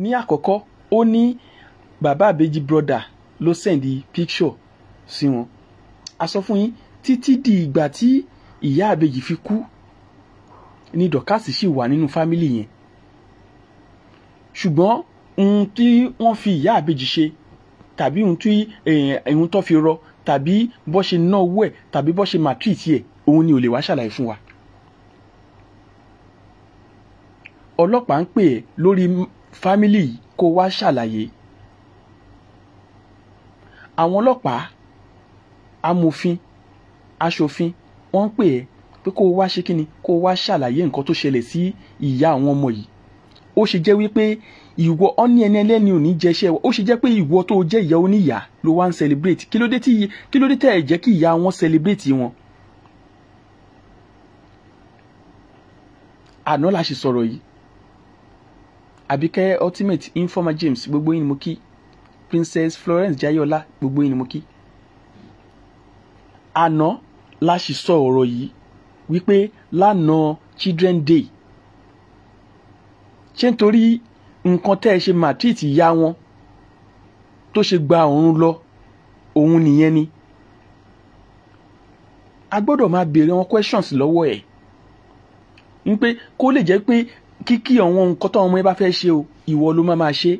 Ní àkọ́kọ́ ó ní bàbá ìbejì brother ló sẹ̀ndì picture sí wọn. A fún yín títí di ìgbà tí ìyá ìbejì fi kú ni Dorcas sì wà nínú fámìlì yẹn. Ṣùgbọ́n ohun tí wọ́n fi ìyá ìbejì ṣe tàbí ohun tí ohun tó fi rọ tàbí bó ṣe ná owó ẹ̀ tàbí bó ṣe màtírìtì ẹ̀ òun ni ò lè wá ṣàlàyé fún wa. Ọlọ́pàá ń pè ẹ́ lórí fámílì kó wá ṣàlàyé àwọn ọlọ́pàá amòfin aṣòfin wọ́n ń pè ẹ́ pé kó o wá ṣe kí ni kó o wá ṣàlàyé nǹkan tó ṣẹlẹ̀ sí ìyá àwọn ọmọ yìí ó ṣe jẹ́ wípé ìwọ ọ́ní ẹni ẹlẹ́ni ò ní jẹṣẹ́ ó ṣe jẹ́ pé ìwọ tó jẹ́ ìyá oníyà ló wá ń celebrate kí ló dé tí kí ló dé tẹ̀ jẹ́ kí ìyá wọn celebrate wọn. àná la ṣe sọ̀rọ̀ yìí àbíkẹ́ ultimate informa james gbogbo yín ni mo kí princess florence jayọlá gbogbo yín ni mo kí àná la sì sọ ọ̀rọ̀ yìí wípé lánàá children day ṣé nítorí nǹkan tẹ́ ẹ ṣe matric ya wọn tó ṣe gba òun lọ òun nìyẹn ni a gbọ́dọ̀ máa béèrè wọn questions lọ́wọ́ ẹ̀ ń pé kó lè jẹ́ pé kíkí àwọn nǹkan tó ọmọ yẹn bá fẹ́ ṣe o ìwọ ló má máa ṣe.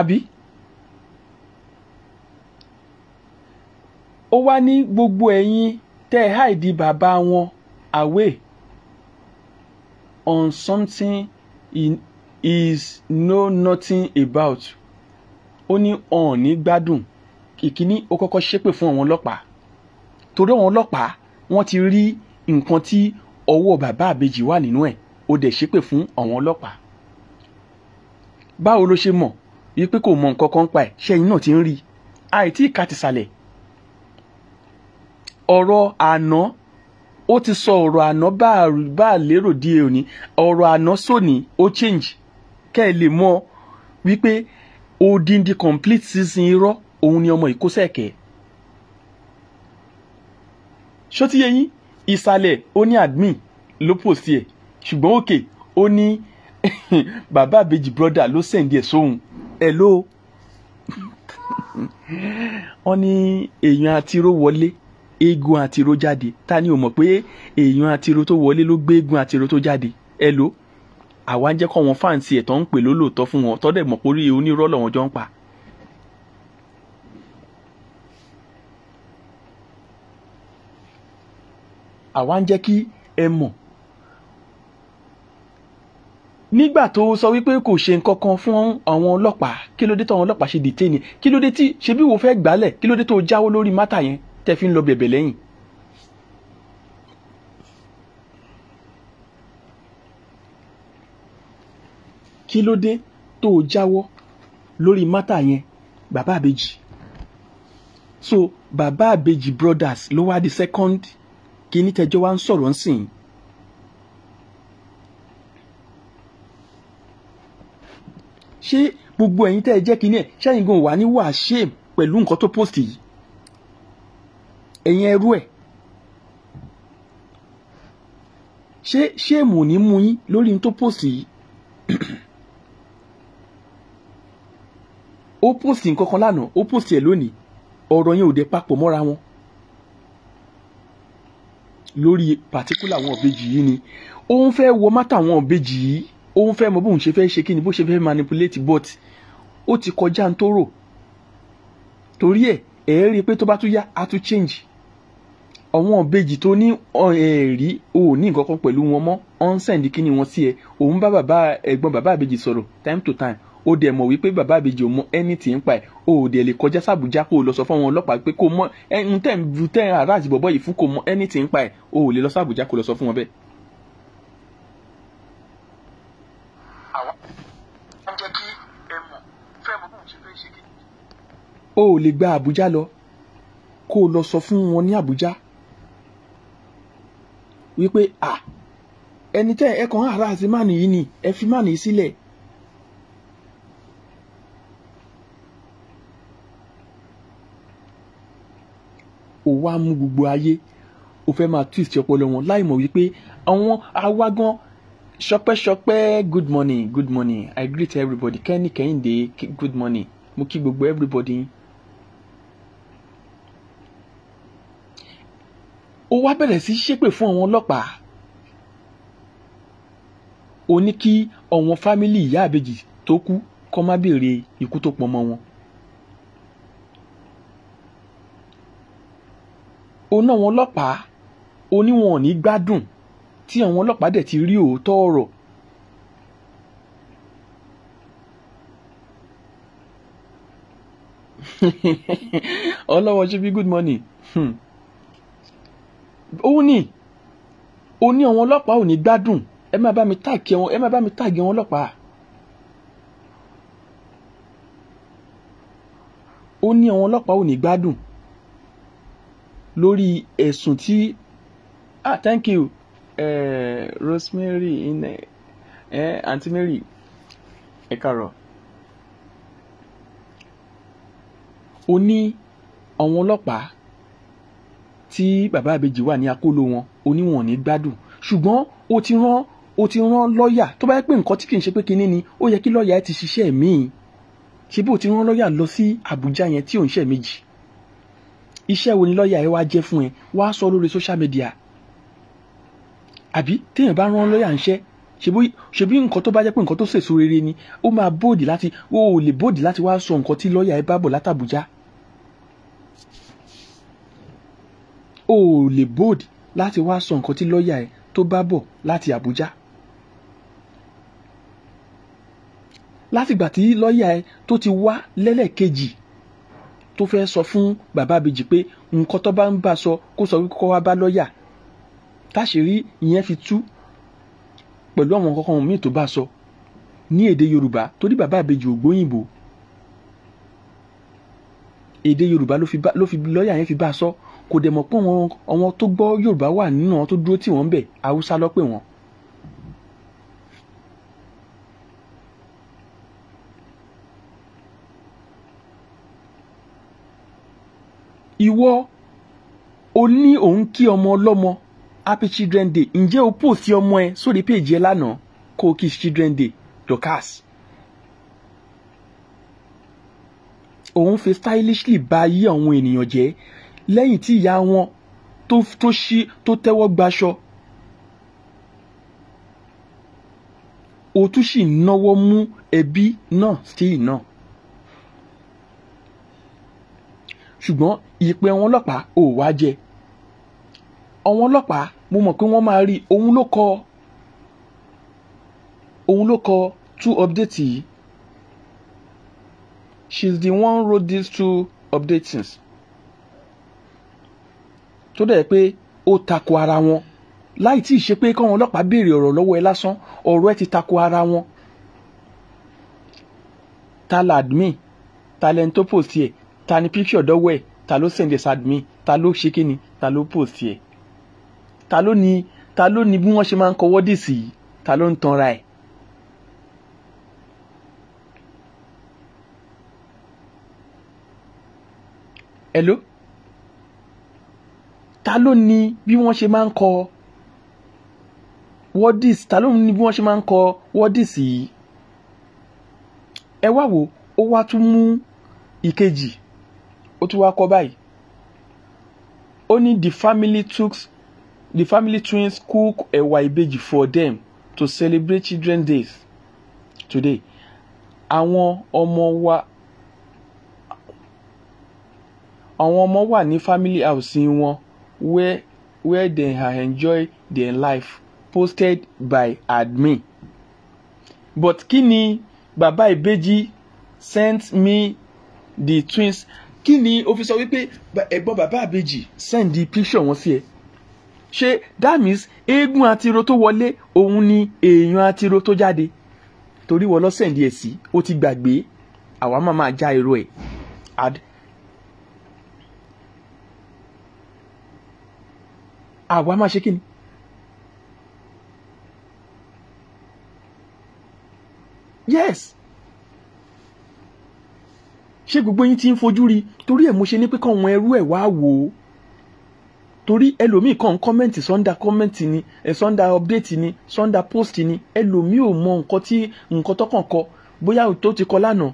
àbí ó wá ní gbogbo ẹ̀yin tẹ́ ẹ̀ háìdí bàbá wọn away on something he is know nothing about ó ní ọ̀ọ́nì gbádùn ìkíní ó kọ́kọ́ ṣépè fún àwọn ọlọ́pàá torí àwọn ọlọ́pàá wọ́n ti rí nǹkan tí ọwọ́ bàbá àbèjì wà nínú ẹ̀ ó dẹ̀ ṣépè fún àwọn ọlọ́pàá báwo ló ṣe mọ̀ wípé kò mọ nǹkan kan pa ẹ̀ ṣẹ́yìn náà ti ń rí àìtí ìka ti sàlẹ̀ ọ̀rọ̀ àná ó ti sọ ọ̀rọ̀ àná bá a lérò díẹ̀ òní ọ̀rọ̀ àná sóní ó change kẹ́ ẹ lè mọ̀ wípé odindi complete season irọ́ òun ni ọmọ ìkóṣẹ́kẹ̀ẹ́ ṣó ti yé yín ìsàlẹ̀ ó ní admin ló pòsí ẹ̀ ṣùgbọ́n òkè ó ní bàbá àbèjì brother ló sẹ̀ǹdí ẹ̀ sóhun ẹ̀ ló wọ́n ní èèyàn àtiró wọlé eégún àtiró jáde ta ni ò mọ̀ pé èèyàn àtiró tó wọlé ló gbé eégún àtiró tó jáde ẹ ló àwa ń jẹ́ kọ́ wọn fáǹsì ẹ̀ tó ń pè lólòótọ́ fún wọn tọ́dẹ̀ mọ̀ pórí onírọ́ lọ́wọ́n jọ ń pa àwa ń jẹ́ kí ẹ mọ̀ nígbà tó sọ wípé kò ṣe nǹkan kan fún àwọn ọlọ́pàá kí ló dé táwọn ọlọ́pàá ṣe dìtẹ́ẹ̀nì kí ló dé tí ṣe bí wo fẹ́ gbálẹ̀ kí ló dé tó jáwọ́ lórí mátà yẹn tẹ́ fi ń lọ bẹ̀bẹ̀ lẹ́yìn. kí ló dé tó jáwọ́ lórí mátà yẹn bàbá àbèjì so bàbá àbèjì brothers ló wá di second kínní tẹjọ wa ń sọ̀rọ̀ ń sìn. ṣé gbogbo ẹ̀yin tẹ́ ẹ jẹ́ kínní ẹ̀ ṣẹ́yìn gan wà ní wà ṣe pẹ̀lú nǹkan tó post yìí ẹ̀yin ẹrú ẹ̀ ṣé ṣéèmù ò ní mú yín lórí ní tó post yìí ó post nǹkan kan lánàá ó post ẹ̀ lónìí ọ̀rọ̀ yẹn ò dé papọ̀ mọ́ra wọn lórí particular àwọn ìbejì yìí ni òun fẹ́ wọ mátà àwọn ìbejì yìí òun fẹ́ mọ bóun ṣe fẹ́ ṣe kí ni bó ṣe fẹ́ manipulate but ó ti kọjá ń tó rò torí ẹ̀ ẹ̀ rí i pé tó bá tún yá á tún change àwọn ìbejì tó ní ẹ̀rí ò ní nǹkan kan pẹ̀lú wọn mọ́ ọ̀nsẹ̀ndì kí ni wọ́n sí ẹ òun bá bàbá ẹ̀gbọ́n bàbá ìbejì sọ̀rọ̀ time to time ó dẹ̀ mọ̀ wípé bàbá àbèjì ò mọ anything pa ẹ̀ ó dẹ̀ lè kọjá sàbújá kó o lọ sọ fún àwọn ọlọ́pàá pé kó mọ ẹnu tẹ̀ ń bu tẹ̀ ara àti bọ̀bọ̀ yìí fún kó mọ anything pa ẹ̀ ó lè lọ sàbújá kó lọ sọ fún wọn bẹ́ẹ̀. ó lè gba àbújá lọ kó o lọ sọ fún wọn ní àbújá wípé ẹni tẹ́ ẹ kàn án àrà àti máàní ni ẹ fi máàní sílẹ̀ o wá mú gbogbo ayé o fẹ́ máa twist ọpọlọ wọn láì mọ̀ wípé àwọn awágán ṣọpẹ́ṣọpẹ́ good morning good morning i greet everybody kẹ́ni kẹ́hìndé good morning mo kí gbogbo everybody. ó wá bẹ̀rẹ̀ sí ṣépè fún àwọn ọlọ́pàá ó ní kí àwọn fámìlì ìyá àbèjì tó kú kó má béèrè ikú tó pọ̀ mọ́ wọn. òun náà àwọn ọlọ́pàá oníwọn ò ní gbádùn tí àwọn ọlọ́pàá dẹ̀ ti rí òótọ́ ọ̀rọ̀ ọlọ́wọ́ ṣe bí good morning òun ni òun ní àwọn ọlọ́pàá ò ní gbádùn ẹ má bá mi tàgé wọn ẹ má bá mi tàgé wọn ọlọ́pàá. ó ní àwọn ọlọ́pàá ò ní gbádùn lórí ẹ̀sùn tí ah thank you eh, Rosemary in eh, Aunty Mary ẹ kàrọ̀ ní àwọn ọlọ́pàá tí bàbá àbèjì wà ní akóló wọn oníwọ̀n ní gbádùn ṣùgbọ́n ó ti rán ó ti rán lọ́ọ̀yà tó bá yẹ pé nǹkan tí kì í ṣe pé kinní ni ó yẹ kí lọ́ọ̀yà ẹ ti ṣiṣẹ́ míì ṣé bó ti rán lọ́ọ̀yà lọ sí Àbújá yẹn tí ò ń ṣe méjì iṣẹ́ wo ni lọ́ọ̀yà ẹ wá jẹ́ fún ẹ wá sọ lórí social media àbí téèyàn bá rán lọ́ọ̀yà ń ṣẹ́ ṣebí nǹkan tó bá jẹ́ pé nǹkan tó sèso rere ni ó máa bóòdì láti ó ò lè bóòdì láti wá sọ nǹkan tí lọ́ọ̀yà ẹ bá bọ̀ látàbújá ó ò lè bóòdì láti wá sọ nǹkan tí lọ́ọ̀yà ẹ tó bá bọ̀ láti àbújá látìgbà tí lọ́ọ̀yà ẹ tó ti wá lẹ́lẹ́kejì tó fẹ́ sọ fún bàbá abèjì pé nǹkan tó bá ń bá sọ kó sọ wípé kó wá bá lọ́ọ̀yà táṣìírí ìyẹn fi tú pẹ̀lú àwọn kankan míì tó bá sọ ní èdè yorùbá torí bàbá àbejì ò gbóyìnbó èdè yorùbá ló fi lọ́ọ̀yà yẹn fi bá a sọ kò dẹ̀ mọ̀ pé àwọn tó gbọ́ yorùbá wà nínú àwọn tó dúró tì wọ́n bẹ̀ haúsá ló pè ìwọ o ní òun kí ọmọ ọlọ́mọ happy children day ǹjẹ́ o post ọmọ ẹ sórí péjì ẹ lánàá kó o kí children day Dorkas òun fi stylishly bà ayé àwọn ènìyàn jẹ́ lẹ́yìn tí ìyá wọn tó tó ṣí tó tẹ́wọ́ gbaṣọ o tún sì náwó mú ẹbí náà sí náà. ṣùgbọ́n ìpè àwọn ọlọ́pàá ò wá jẹ àwọn ọlọ́pàá mo mọ̀ pé wọ́n máa rí òun ló kọ òun ló kọ two updates yìí she is the one wrote these two updates tó dẹ̀ pé ó tako ara wọn láì tí ì ṣe pé káwọn ọlọ́pàá béèrè ọ̀rọ̀ lọ́wọ́ ẹ lásán ọ̀rọ̀ ẹ ti tako ara wọn ta admin ta lẹni ta ni píkì ọ̀dọ́wọ́ ẹ̀ ta ló send this admin ta ló ṣe kíni ta ló post ẹ̀ ta ló ni ta ló ni bí wọ́n ṣe máa ń kọwọ́ dì sí ta ló ń tanra ẹ̀. hello ta ló ni bí wọ́n ṣe máa ń kọ wọ́dìs ta ló ni bí wọ́n ṣe máa ń kọ wọ́dìs yìí ẹ wá wo ó wá tún mú ìkejì ó tún wá kọ báyìí ó ní the family took the family twins cook ẹ̀wà ìbejì for them to celebrate children's days today àwọn ọmọ wa àwọn ọmọ wà ní family house wọn where where they are enjoy their life posted by admin but kí ni bàbá ìbejì sent me the twins kí ni o fi sọ wípé ẹ̀gbọ́n bàbá àbejì send picture wọn sí ẹ ṣé that means eégún atiro tó wọlé òun ni èèyàn atiro tó jáde torí wọ́n lọ send ẹ̀ sí ó ti gbàgbé àwa máa máa já irú ẹ̀ ad. àwa máa ṣe kí ni. yes ṣé gbogbo yín ti ń fojú rí torí ẹ̀ mo ṣe ní pé kàn wọn ẹrú ẹ̀ wá wò ó torí ẹlòmíì kàn ń kọ́mẹ́ǹtì sọ́ndà kọ́mẹ́ǹtì ni sọ́ndà ọ̀pdẹ́tì ni sọ́ndà pósìtì ni ẹlòmíì ò mọ nǹkan tí nǹkan tọ́kàn kọ bóyá tó ti kọ lánàá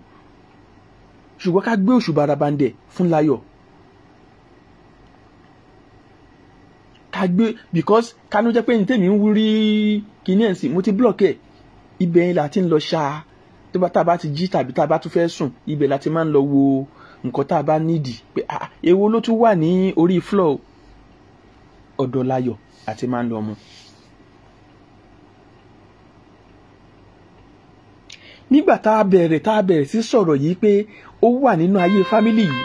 ṣùgbọ́n ká gbé òṣùbà rabandẹ̀ fún láyọ̀ ká gbé because kánú jẹ́ pé ní tèmi ń wúrí kíní ẹ̀sìn mo ti blọ́ọ̀kì ibẹ̀ yẹn là ti ń lọ ṣáá tá a bá ti jí tàbí tá a bá tún fẹ́ sùn ibẹ̀ la máa ń lọ wo nǹkan tá a bá nídìí pé èwo ló tún wà ní orí floor ọ̀dọ̀ láyọ̀ àti máa ń lọ mu. nígbà tá a bẹ̀rẹ̀ tá a bẹ̀rẹ̀ sí sọ̀rọ̀ yìí pé ó wà nínú ayé fámílì yìí.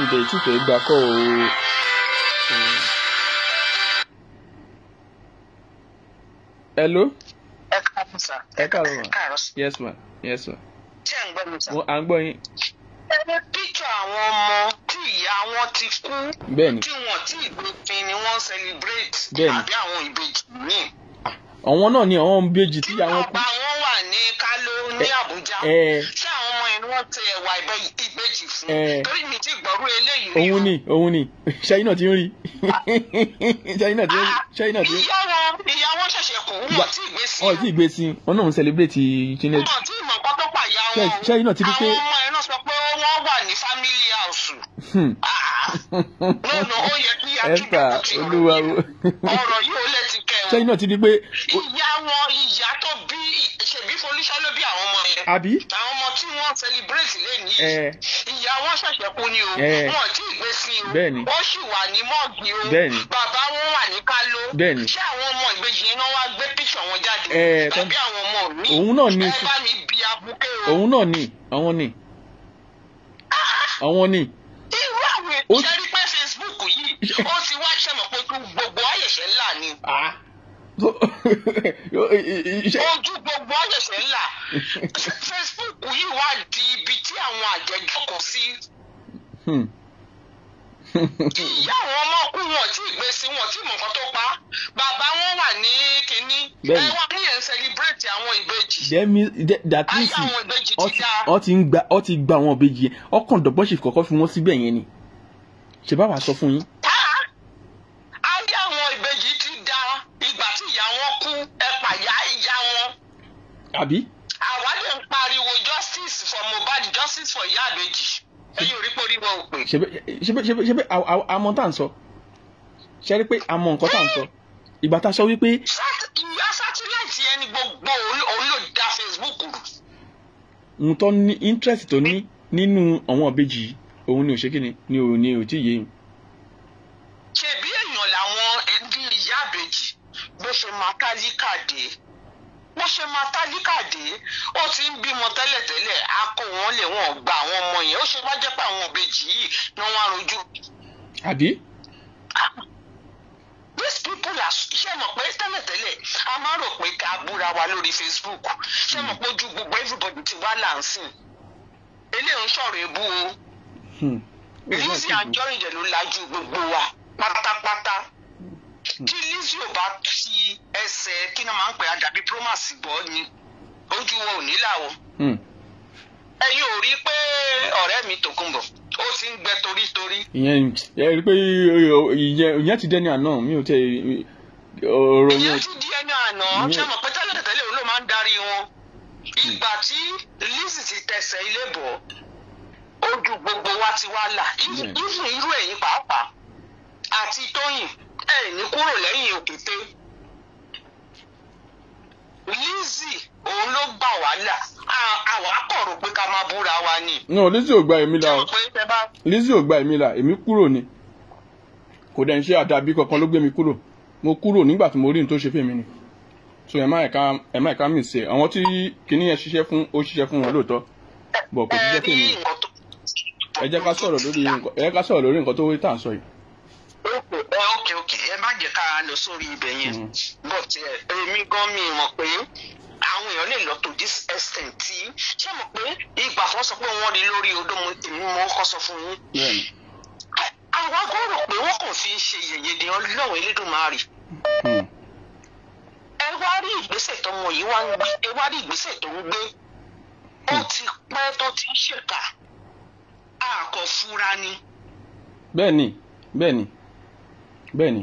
ǹjẹ́ ìtúfẹ́ gbà kọ́ o. hello. ẹ káàárọ̀ sà. ẹ ẹ káàárọ̀ sà. yes ma yes ma. ṣé ẹ ń gbọ́ mi sà. mo à ń gbọ́ yín. ẹ ní àwọn ọmọ tí ìyá wọn ti kú. bẹ́ẹ̀ni. tí wọn tí ìgbófin ni wọ́n celebrate. bẹ́ẹ̀ni àbí àwọn ìbejì míì. Ah, àwọn náà ni àwọn ìbejì tí ìyá wọn kú. tí bàbá wọn wà ní káló ní eh, àbújá. Eh. ṣé àwọn ọmọ yẹn wọ́n tẹ ẹwà ìbejì fún. Eh. torí mi ti gbọ́rú eléyìí. òun ni òun ni ṣẹ́yìn náà ti ń rí ṣẹ́yìn náà ti ń rí. Ah, ṣẹ̀ṣẹ̀ kù wọ́n ti gbé sí. ọ̀ tí ì gbé sí wọn náà ń sẹlẹ̀bírẹ̀tì chinese. wọn ti mọ̀ kọ́ tó pàyà wọn àwọn ọmọ ẹ̀ náà sọ pé wọ́n wà ní family house. lọ́nà hmm. ah. ó yẹ kí akíndé kò ti rò ọ̀rọ̀ yìí ó lẹ́ ti kẹ́ o. ṣẹ́yìn náà ti di pé. ìyá wọn ìyá tó bí oníṣẹ́ ló bí àwọn ọmọ yẹn. àbí. àwọn ọmọ tí wọ́n celebrate lẹ́ni yìí. Eh. ìyá wọn ṣẹ̀ṣẹ̀ kú ni o. Eh. wọn ti gbé sí o. bẹ́ẹ̀ni. ó sì wà ní mọ́ọ̀gì o. bẹ́ẹ̀ni. bàbá wọn wà ní káló. bẹ́ẹ̀ni. ṣé àwọn ọmọ ìbejì yẹn náà wá gbé píṣọ̀ wọn jáde. Eh, tàbí àwọn ọmọ mi. òun náà ni. ẹ bá mi bi abuké o. òun náà ni àwọn ni. àwọn ni. irú àwọn ìṣẹ́rí pé Facebook yìí ó ti wá ṣẹ́mọ̀ pé gbogbo ayẹ̀ṣẹ̀ ńlá ni. Ah ojú gbogbo ọ̀ṣẹ̀ṣẹ̀ ńlá Facebook yìí wà di ibi tí àwọn àjẹjọ́ kò sí. Hmm. ìyá àwọn ọmọ kú wọn tí ìgbé sí wọn tí mọ̀ nǹkan tó pa bàbá wọn wà ní kínní ẹ wá ní ẹ̀ ń celebrate àwọn ìbejì. jẹ́mi dàkíyèsí ọ ti gba àwọn ìbejì yẹn ọkàn dọ̀gbọ́sì kọ̀ọ̀kan fi wọ́n síbẹ̀ yẹn ni ṣe bá wàá sọ fún yín. àbí. àwa lè ń pariwo justice for Mohbad justice for ìyá àbèjì ẹ̀yin ò rí pé oríwọ ò pè. ṣe pé àmọ́ tá à ń sọ ṣe rí pé àmọ́ nǹkan tá à ń sọ ìgbà tá a sọ wípé. ìyá sátíláìtì ẹni gbogbo òun ló da Facebook rù. n tó ní interest tó ní nínú àwọn ìbejì òun ni ò ṣe kí ni ni ò ní ò tí ì yé yìí. ṣebí èèyàn làwọn ẹbí ìyá àbèjì bó ṣe máa táyíkà dé bó ṣe máa tálíkà ó ti ń bímọ tẹ́lẹ̀tẹ́lẹ̀ akọ wọn lè wọn gba àwọn ọmọ yẹn ó ṣe bá jẹ́ pé àwọn òbejì yìí ni wọ́n á rojú. àbí. Ah, these people are ṣe mọ̀ pé tẹ́lẹ̀tẹ́lẹ̀ a máa rò pé ká búra wa lórí Facebook ṣe mọ̀ pé ojú gbogbo everybody ti wá láǹsìn eléyìí ń sọ̀rọ̀ ebú o. Lizzy Anjorin jẹ̀ ló lajú gbogbo wa pátápátá tí Lizzy ò bá ti ẹsẹ̀ kí ni máa ń pè á dàbí promax gbọ́ ni ojú wo ò ní là o. Hmm. ẹ̀yin ò rí pé ọ̀rẹ́ mi Tòkunbọ̀ ó ti ń gbẹ torítorí. ìyẹn ẹ rí i pé ìyẹn ti dẹni àná mi ò tẹ ọ̀rọ̀ yẹn. ìyẹn ti di ẹni àná ṣé mo pé tẹ́lẹ̀ tẹ́lẹ̀ òun ló máa ń darí wọn. Hmm. ìgbà tí Lizzy ti tẹsẹ̀ ilé bọ̀ ojú gbogbo wa ti wá là irú èyí hmm. pàápàá àti Tóyìn ẹ̀ ní kúrò lẹ́yìn òkété Lizzy òun ló gbà wá là àwa kọ̀rọ̀ pé ká máa búra wa ni. no Lizzy ò gba èmi là o Lizzy ò gba èmi là èmi kúrò ni kò dẹ̀ ń ṣe àdàbí kankan ló gbé mi kúrò mo kúrò nígbà tí mo rí n tó ṣe fèmí ni so ẹ̀ má ẹ̀ka ẹ̀ má ẹ̀ka mi ṣe àwọn tí kinní yẹn ṣiṣẹ́ fún ó ṣiṣẹ́ fún wọn lóòótọ́ bọ̀ kò ṣiṣẹ́ fèmí ni ẹ jẹ́ ká sọ̀rọ̀ lórí nǹkan tó wí tà ń sọ yìí lọ sórí ibẹ̀ yẹn hmm. but eh, èmi gan mi mọ̀ pé àwọn èèyàn lè lọ to this extent tí ṣé mo pé ìgbà kan sọ pé wọ́n rí lórí odò èmi mo kọ́ sọ fún yín àwọn agbọ́n pé wọ́n kàn fi ń ṣe yẹ̀yẹ́ ni ọlọ́run elédùnmarè hmm. ẹ wá rí ìgbésẹ̀ tọmọ yìí wá ń gbé ẹ wá rí ìgbésẹ̀ tó ń gbé ó hmm. ti pẹ́ tó ti ń ṣèkà àkọ́fúra ni. bẹ́ẹ̀ni bẹ́ẹ̀ni bẹ́ẹ̀ni.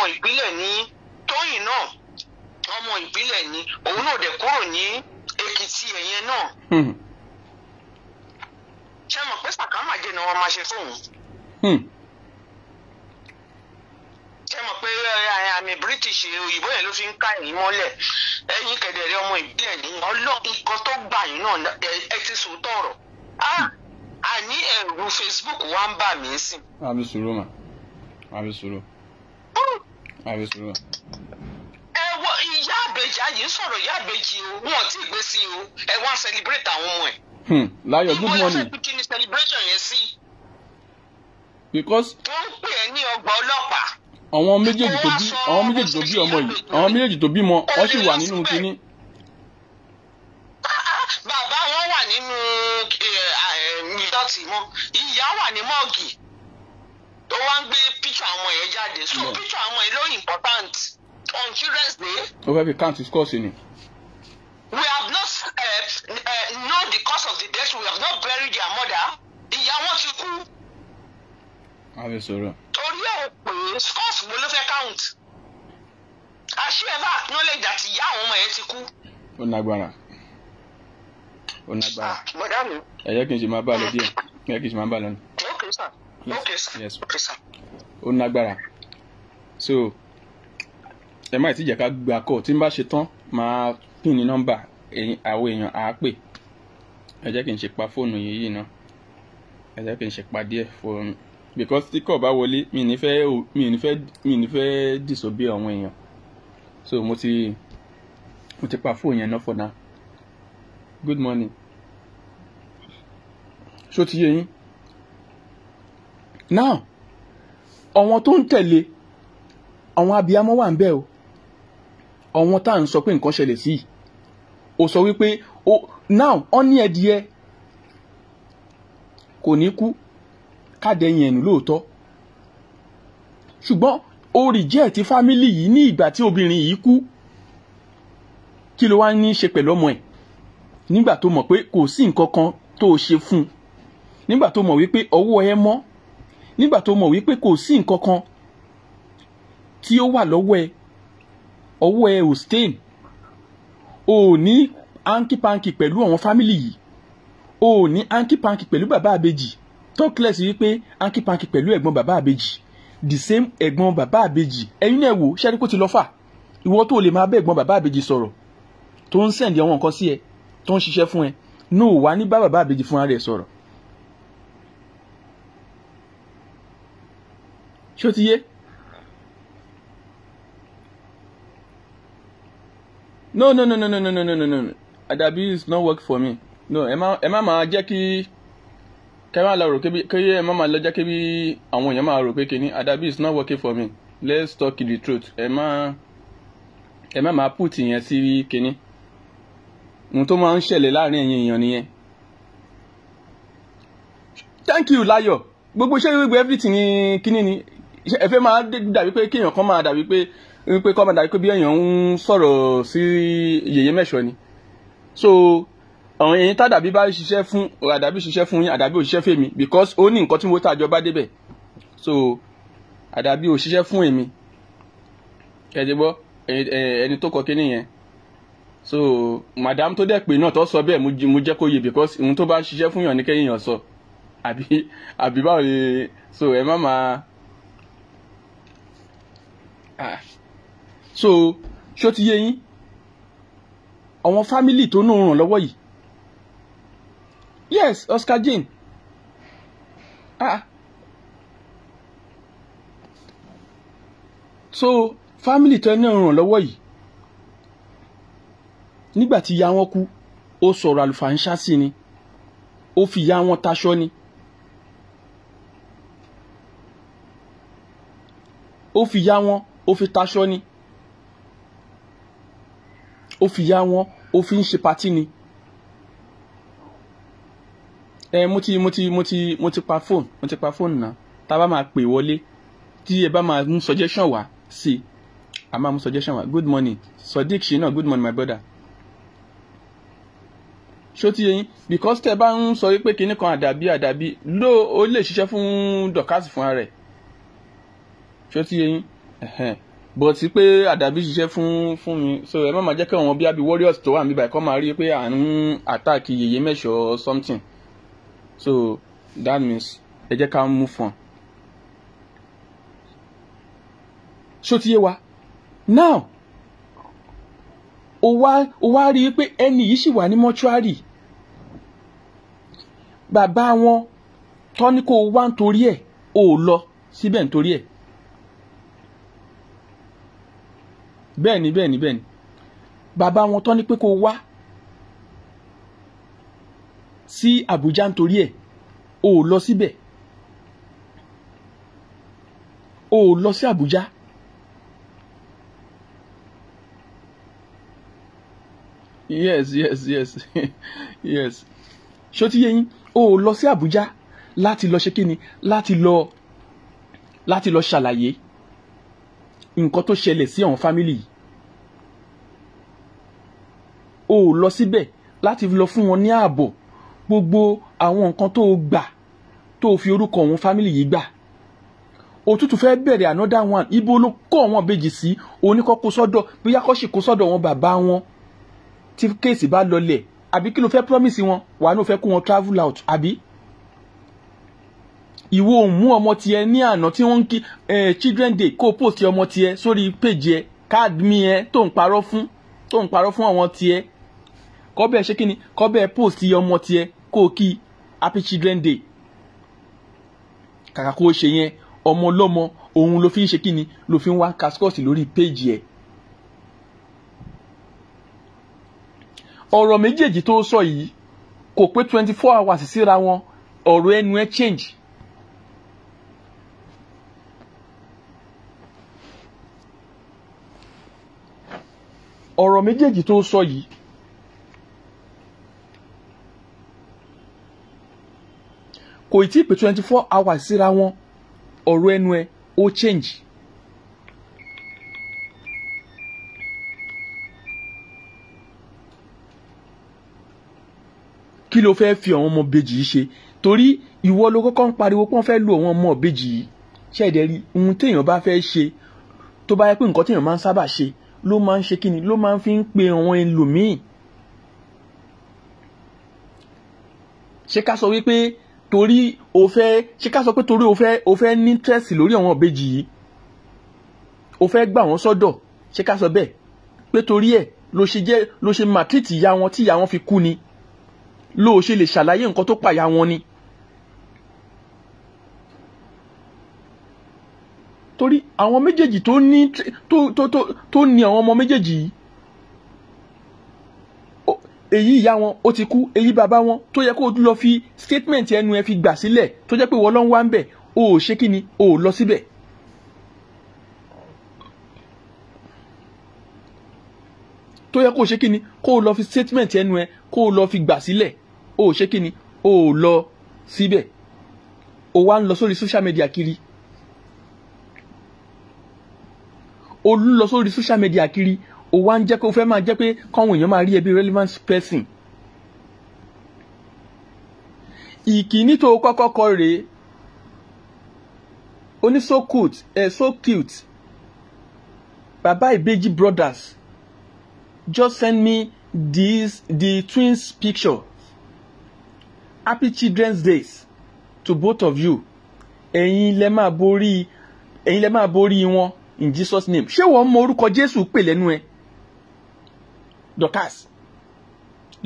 ọmọ ìbílẹ̀ ní tóyìn náà ọmọ ìbílẹ̀ ní òun náà dẹ̀ kúrò ní èkìtì ẹ̀yẹn náà hmm. ṣé mọ̀ pé sàkámà jẹ́ ni wọ́n máa ṣe fóun hmm. ṣé mọ̀ pé àmì eh, british òyìnbó yẹn ló fi ń ká ẹ̀yìn mọ́lẹ̀ ẹ̀yìn kẹ̀dẹ̀rẹ̀ ọmọ ìbílẹ̀ ní ọlọ́run kan tó gbà yín náà ẹ ti sùn tọ̀rọ̀ ah, àní ẹ̀rù facebook wa ń bà mí sí. àbí sùúrù mà àbí sùúrù. Hmm ẹ wọ ìyá àbèjì ayé ń sọ̀rọ̀ ìyá àbèjì o wọn ò tí ì gbé sí o ẹ wá ń celebrate àwọn ọmọ ẹ. Hmm, láyọ̀ good morning. ìwọ ìfẹ́ celebration yẹn sí. because. wọ́n ń pè é ní ọgbà ọlọ́pàá. àwọn méjèèjì tó bí àwọn méjèèjì tó bí ọmọ yìí àwọn méjèèjì tó bímọ wọ́n sì wà nínú kínní. bàbá wọn wà nínú ìdọ̀tí eh, eh, mọ́ ìyá wà ní mọ́ọ̀gì tó wá ń gbé píṣọ àwọn yẹn jáde so píṣọ àwọn yẹn ló important on children's day. ó fẹ́ fi count his course ni. we have not uh, uh, know the cause of the death we have not buried their mother ìyá wọn ti kú. àbẹ sọ̀rọ̀. torí ẹ̀ pé scores wo ló fẹ́ count àṣé ẹ bá acknowledge that ìyá àwọn ọmọ yẹn ti kú. ó nágbára ó nágbára ah, ẹ jẹ́ kí n ṣe máa bá a lọ díẹ̀ ẹ jẹ́ kí n ṣe máa bá a lọ. okay sir yes yes ó nágbára so ẹ má ti jẹ́ ká gba kọ tí n bá ṣe tán máa pín ní nọ́mbà àwọn èèyàn àá pè ẹ jẹ́ kí n ṣe pa fóònù yìí yìí náà ẹ jẹ́ kí n ṣe pa díẹ̀ fóònù because tí kò bá wọlé mi ní fẹ́ mi ní fẹ́ mi ní fẹ́ disobey àwọn èèyàn so mo ti mo ti pa fóònù yẹn náà for now good morning ṣó ti yé yín now àwọn tó ń tẹ̀lé àwọn abiyamọ wà ń bẹ̀ o àwọn tá à ń sọ pé nǹkan ṣẹlẹ̀ sí i ó sọ wípé o now wọ́n ní ẹdìyẹ kò ní kú kádẹ́yìn ẹ̀nù lóòótọ́ ṣùgbọ́n ó rìjẹ́ẹ̀tì fámílì yìí ní ìgbà tí obìnrin yìí kú kí ló wá ní í ṣe pẹ̀lú ọmọ ẹ̀ nígbà tó mọ̀ pé kò sí nǹkan kan tó o ṣe fún un nígbà tó mọ̀ wípé ọwọ́ ẹ mọ́ nígbà tó mọ̀ wípé kò sí nǹkan kan tí ó wà lọ́wọ́ ẹ ọwọ́ ẹ ò stain o ò ní hankipanki pẹ̀lú àwọn fámìlì yìí o ò ní hankipanki pẹ̀lú bàbá àbejì talkless wípé hankipanki pẹ̀lú ẹ̀gbọ́n bàbá àbejì the same ẹ̀gbọ́n bàbá àbejì ẹ̀yin náà wò ṣẹ́rí kó ti lọ fà ìwọ tó lè máa bẹ́ ẹ̀gbọ́n bàbá àbejì sọ̀rọ̀ tó ń sẹ̀ǹdì àwọn nǹkan sí ẹ tó ń ṣiṣẹ́ fún ẹ náà wà ní bá bàbá àbejì fúnra rẹ̀ sọ̀rọ̀ ṣé ó ti yé. no no no no no no no no no Adabi is not work for me no ẹ má ẹ má máa jẹ́ kí kẹ́ máa lọ rò kí ẹ má máa lọ jẹ́ kí àwọn èèyàn máa rò pé kíní Adabi is not working for me let's talk the truth ẹ má ẹ má máa put yẹn sí kíní ohun tó máa ń ṣẹlẹ̀ láàrin ẹ̀yin èèyàn nìyẹn thank you Láyọ̀ gbogbo ṣé gbogbo everything kíní ni ẹ máa dàbí pé kéèyàn kan máa dàbí pé pé kọ́ máa dàbí pé bí èèyàn ń sọ̀rọ̀ sí yèyé mẹ́sọ̀ ni so àwọn èyí tá dàbí bá ṣiṣẹ́ fún àdàbí ṣiṣẹ́ fún yín àdàbí òṣìṣẹ́ fún because ó ní nǹkan tí mo tà jọba débẹ̀ so àdàbí òṣìṣẹ́ fún èmi ẹ ti gbọ́ ẹni tó kọ kíní yẹn so madam tó dẹ̀ pé náà tó sọ bẹ́ẹ̀ mo jẹ́ kó yé because ohun tó bá ṣiṣẹ́ fún yàn ní kẹ́yìn yàn sọ àbí àbí báwo ni so ẹ má máa. Ah. so ṣó ti yé yín àwọn fámìlì tó náà ràn lọ́wọ́ yìí yes Oscar Jane ah so family, tó náà ràn lọ́wọ́ yìí nígbà tí ìyá wọn kú ó sọ̀rọ̀ àlùfáàǹṣá sí ni ó fi ìyá wọn taṣọ ni ó fi ìyá wọn ó fi taṣọ ni ó fi ya wọn ó fi ń ṣe patí ni ẹ mo ti mo ti mo ti mo ti pa fóònù mo ti pa fóònù náà tá a bá máa pè wọlé tí ẹ bá máa mú suggestion wá sí i a máa mú suggestion wá good morning sodiq ṣe náà good morning my brother ṣó ti yẹn because tẹ bá ń sọ wípé kinní kan àdàbí àdàbí ló o lè ṣiṣẹ́ fún dọ̀kásì fúnra rẹ̀ ṣó yẹn bọ̀tí pé àdàbí ṣiṣẹ́ fún fún mi so ẹ má máa jẹ́ kí àwọn bí abi warriors tó wà níbàyí kọ́ máa rí pé à ń àtàkì yèyé mẹ́ṣọ́ something so that means ẹ jẹ́ ká move on. ṣó ti yé wa now o wá o wá rí i pé ẹni yìí sì wà ní mọ́ṣúárì bàbá wọn tọ́ni kó o wá nítorí ẹ̀ o ò lọ síbẹ̀ nítorí ẹ̀ bẹ́ẹ̀ ni bẹ́ẹ̀ ni bẹ́ẹ̀ ni bàbá wọn tán ni pé kó wá sí Àbújá nítorí ẹ̀ ò lọ síbẹ̀ ò lọ sí Àbújá. yes yes yes yes ṣó ti yé yín ò lọ sí Àbújá láti lọ ṣe kí ni láti lọ láti lọ ṣàlàyé nǹkan tó ṣẹlẹ̀ sí àwọn fámìlì yìí o ò lọ síbẹ̀ láti lọ fún wọn ní ààbò gbogbo àwọn nǹkan tó o gbà tó o fi orúkọ àwọn fámìlì yìí gbà òtútù fẹ́ bẹ̀rẹ̀ another one ibo ló kọ́ wọn bèjì sí oníkọ́ kó sọ́dọ̀ bóyá kọ́ sì kó sọ́dọ̀ wọn bàbá wọn tí kéèsì bá lọlẹ̀ àbí kí ló fẹ́ promise wọn wà á ní o fẹ́ kó wọn travel out àbí ìwọ ò mú ọmọ tiẹ̀ ní àná tí wọ́n ń kí children day kó post ọmọ tiẹ̀ sórí péjì ẹ káàdì mi ẹ tó ń parọ́ fún tó ń parọ́ fún àwọn tiẹ̀ kọ́bẹ̀ ṣé kí ni kọ́bẹ̀ post ọmọ tiẹ̀ kó kí happy children day kàkà kó ṣe yẹn ọmọ ọlọ́mọ òun ló fi ń ṣe kí ni ló fi ń wá kaskọ́ọ̀sì lórí péjì ẹ̀. ọ̀rọ̀ méjèèjì tó sọ yìí kò pé twenty four hours síra wọn ọ̀rọ̀ ẹnu ẹ change ọ̀rọ̀ méjèèjì tó sọ yìí kò tí ì pé twenty four hours síra wọn ọ̀rọ̀ ẹnu ẹ ó change. kí ló fẹ́ẹ́ fi àwọn ọmọbejì yìí ṣe torí ìwọ ló kọ́kọ́ ń pariwo pé wọ́n fẹ́ẹ́ lu àwọn ọmọbejì yìí ṣẹ̀dẹ̀ rí ohun téèyàn bá fẹ́ ṣe tó bá yẹ pé nǹkan téèyàn máa ń sábà ṣe ló máa ń ṣe kíni ló máa ń fi ń pe àwọn ẹlòmíì ṣé ká sọ wípé torí o fẹ́ ṣé ká sọ pé torí o fẹ́ o fẹ́ ní tẹ́sì lórí àwọn ìbejì yìí o fẹ́ gbà wọ́n sọ́dọ̀ ṣé ká sọ bẹ́ẹ̀ pé torí ẹ̀ ló ṣe jẹ́ ló ṣe màtírìtì ìyá wọn tí ìyá wọn fi kú ni ló ṣe lè ṣàlàyé nǹkan tó pàyà wọn ni. torí àwọn méjèèjì tó ní tó tó tó tó ní àwọn ọmọ méjèèjì yìí èyí ìyá wọn ó ti kú èyí bàbá wọn tó yẹ kó o lọ fi statement ẹnu ẹ fi gbà sílẹ̀ tó jẹ́ pé wọ́n lọ́n wá ń bẹ̀ o ò ṣe kí ni o ò lọ síbẹ̀. tó yẹ kó o ṣe kí ni kó o lọ fi statement ẹnu ẹ kó o lọ fi gbà sílẹ̀ o ò ṣe kí ni o ò lọ síbẹ̀ o wá ń lọ sórí social media kiri o lọ sórí social media kiri o wá ń jẹ́ pé o fẹ́ máa jẹ́ pé káwọn èèyàn máa rí ẹbí relevant person. ìkíní tó kọ́kọ́ kọ rèé oní so cute eh? so cute bàbá ìbejì brothers just send me this the twins picture happy children's Day to both of you ẹ̀yin lẹ máa borí ẹ̀yin lẹ máa borí wọn in Jesus name ṣé wọ́n mọ orúkọ Jésù pè lẹ́nu ẹ Dorcas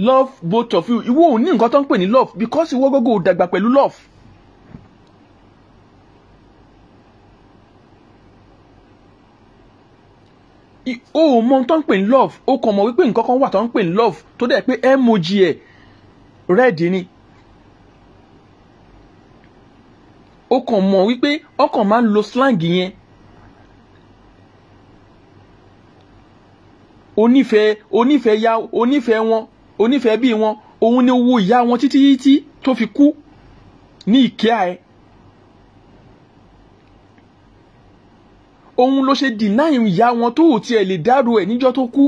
love both of you ìwọ ò ní nǹkan tó ń pè ní love because ìwọ gógó ò dàgbà pẹ̀lú love. o ò mọ tó ń pè ní love o kàn mọ̀ wípé nǹkan kan wà tó ń pè ní love tó dẹ̀ pé emoji ẹ̀ red ni o kàn mọ̀ wípé ọkàn máa ń lo slang yẹn onífẹ̀ẹ́ onífẹ̀ẹ́ ya onífẹ̀ẹ́ wọn onífẹ̀ẹ́ bíi wọn òun ni owó ìyá wọn títí títí tó fi kú ní ìkíá ẹ òun ló ṣe dìnáì ìyá wọn tó ò tiẹ̀ lè dárò ẹ̀ níjọ́ tó kú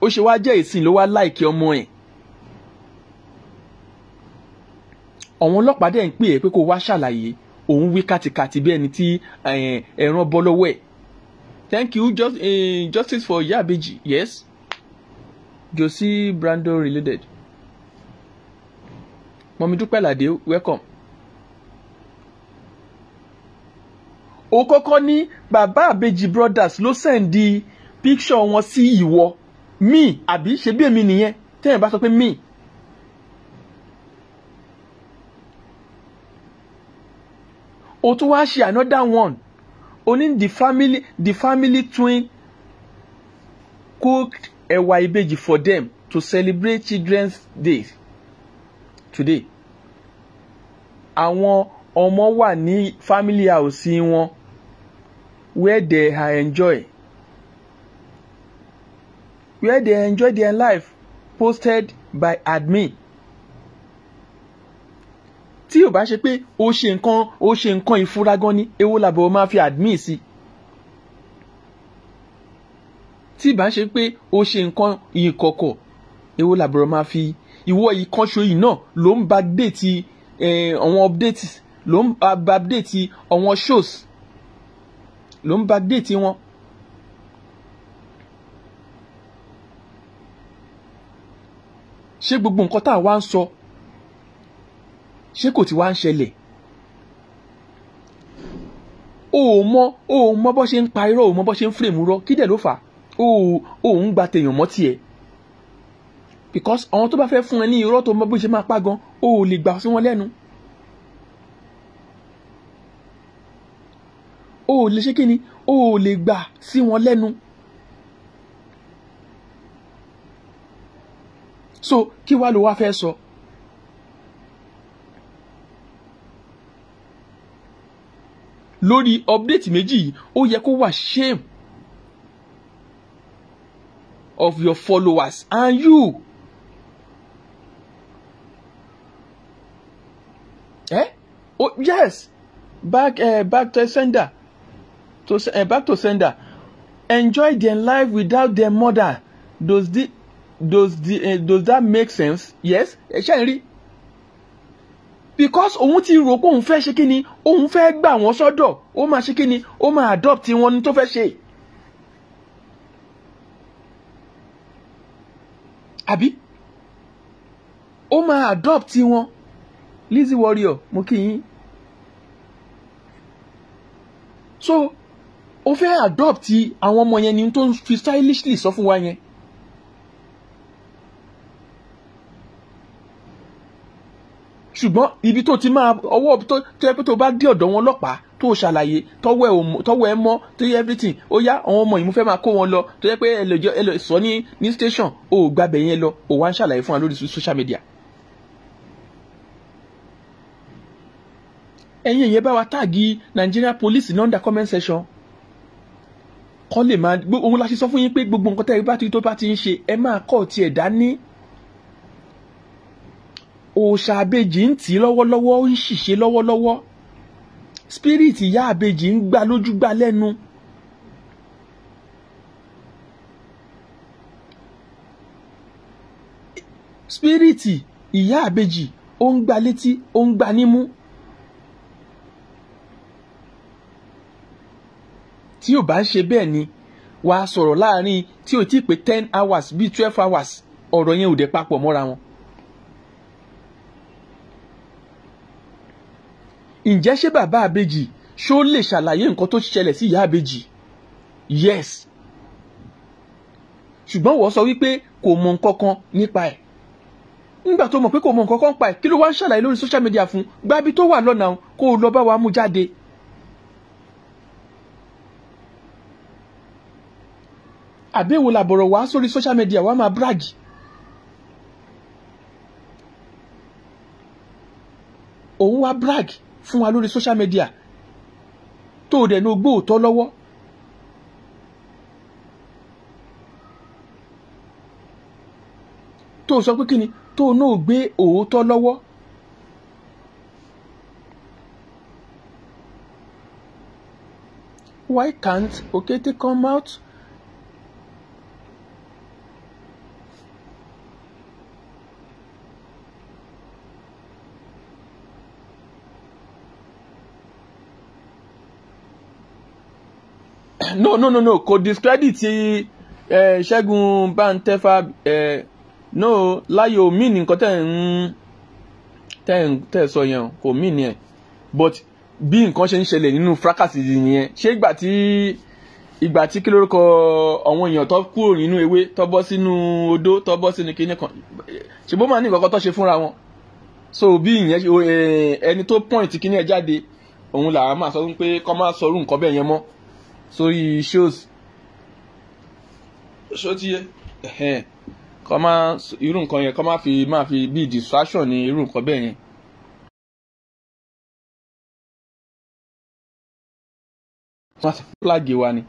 ó ṣe wá jẹ́ ìsìn ló wá láìkí ọmọ ẹ̀ àwọn ọlọ́pàá dẹ̀ ń pè é pé kó wá ṣàlàyé òun wí kátikàti bí ẹni tí ẹran bọ́ lọ́wọ́ ẹ̀ thank you just uh, eh, justice for yabeji yes josie brando related mọ̀mídúpẹ́ ládé welcome. ó kọ́kọ́ ní bàbá àbèjì brothers ló sẹ́ǹdì píkṣọ̀ wọn sí ìwọ mi àbí ṣe bí èmi nìyẹn tẹ́yìn bá sọ pé mi. ó tún wá ṣe another one oní the family the family twin cooked ẹ̀wà ìbejì for them to celebrate children's day today àwọn ọmọ wà ní family house wọn where they are enjoy where they enjoy their life posted by admin tí ò bá ṣe pé ó ṣe nǹkan ó ṣe nǹkan ìfura gan ni èwo làbọ̀ máa fi admin sí tí ì bá ṣe pé ó ṣe nǹkan ìkọ̀kọ̀ èwo làbọ̀ máa fi ìwọ ìkànṣó yìí náà ló ń ba déètì eh, àwọn updates ló ń ba déètì àwọn shows ló ń ba déètì wọn. ṣé gbogbo nǹkan tá a wá ń sọ ṣé kò ti wá ń ṣẹlẹ̀ o ò mọ o ò mọ bó ṣe ń pa irọ́ o ò mọ bó ṣe ń fèrèmù rọ kí dẹ̀ ló fà o ò gba tèèyàn mọ́ tiẹ̀ because àwọn tó bá fẹ́ fún ẹ ní irọ́ tó mọ bó ṣe máa pa gan o ò lè gbà sí wọn lẹ́nu o lè ṣe kí ni lè gbà sí wọn lẹ́nu so kí wàá ló wá fẹ́ sọ. So lórí update méjì yìí ó yẹ kó wà shame of your followers and you. Eh? Oh, yes back uh, back to sender to uh, back to sender enjoy their life without their mother does the does the uh, does that make sense yes ẹ ṣe ń rí because òun ti rò pé òun fẹ́ ṣe kí ni òun fẹ́ gbà wọ́n sọ́dọ̀ ó máa ṣe kí ni ó máa adopt wọn ní tó fẹ́ ṣe. àbí ó máa adopt wọn Lizzy warrior mo kí yín so ó fẹ́ adopt àwọn ọmọ yẹn ni tó ń fi stylishly sọ fún wa yẹn. ṣùgbọ́n ibi tó ti máa ọwọ́ tó yẹ pé tó bá dé ọ̀dọ̀ wọn ọlọ́pàá tó ṣàlàyé tọwọ́ ẹ mọ́ tó yẹ everything ó yá àwọn ọmọ ìmúfẹ́ máa kó wọn lọ tó yẹ pé ẹ lọ sọ ní ní station ó gbàbẹ̀ yẹn lọ ó wá ń ṣàlàyé fún wa lórí social media. ẹ̀yin èyẹ bá wa táàgì Nigeria police ní under comment section kọ́ lè máa òun la ṣe sọ fún yín pé gbogbo nǹkan tẹ́ ẹ bá ti tó bá ti ń ṣe ẹ máa kọ́ ọ̀tí ẹ̀ dání òòṣà àbejì ń tì í lọ́wọ́lọ́wọ́ ó ń ṣìṣe lọ́wọ́lọ́wọ́ spirit ìyá àbejì ń gbá lójú gbá lẹ́nu. spirit ìyá àbejì ó ń gba létí ó ń gba nímú. tí ò bá ń ṣe bẹ́ẹ̀ ni wàá sọ̀rọ̀ láàrin tí ò tí ì pé ten hours bíi twelve hours ọ̀rọ̀ yẹn ò dé papọ̀ mọ́ra wọn. ǹjẹ́ ṣé bàbá àbèjì ṣó lè ṣàlàyé nǹkan tó ṣẹlẹ̀ sí ìyá àbèjì yes ṣùgbọ́n wọ́n sọ wípé kò mọ nǹkan kan nípa ẹ̀ nígbà tó mọ̀ pé kò mọ nǹkan kan pa ẹ̀ kí ló wá ń ṣàlàyé lórí social media fún gbábi tó wà lọ́nà kó o lọ bá wa mú jáde. àbẹ̀wò làbọ̀rọ̀ wá sórí social media wa máa brag. òun wá brag fún wa lórí social media tó o dẹ̀ ní o òótọ́ lọ́wọ́ tó o sọ pé kí tó o náà gbé òótọ́ lọ́wọ́. Why can't Okete come out? no no no no kò discredit eh, ṣẹ́gun báńtẹ́fà eh, no láyò mí ní nǹkan tẹ̀ ń tẹ̀ ń tẹ̀ sọ yẹn kò mean ní but bí nǹkan ṣe ń ṣẹlẹ̀ nínú fracas nìyẹn ṣé ìgbà tí ìgbà tí kí lórúkọ àwọn èèyàn tó kúrò nínú ewé tó bọ́ sínú odó tó bọ́ sínú kinní kan ṣe bó máa ní nǹkan kan tó ṣe fúnra wọn so bí ìyẹn eh, ẹni tó point kinní ẹ jáde òun làwọn máa sọ pé kọ́ máa sọ irú nǹkan bẹ́ẹ̀ yẹn mọ́ So he shows ṣótiyé kọ́ máa irú nǹkan yẹn kọ́ máa fi máa fi bíi distraction ní irú nǹkan bẹ́ẹ̀ yẹn. wọ́n flag wa ni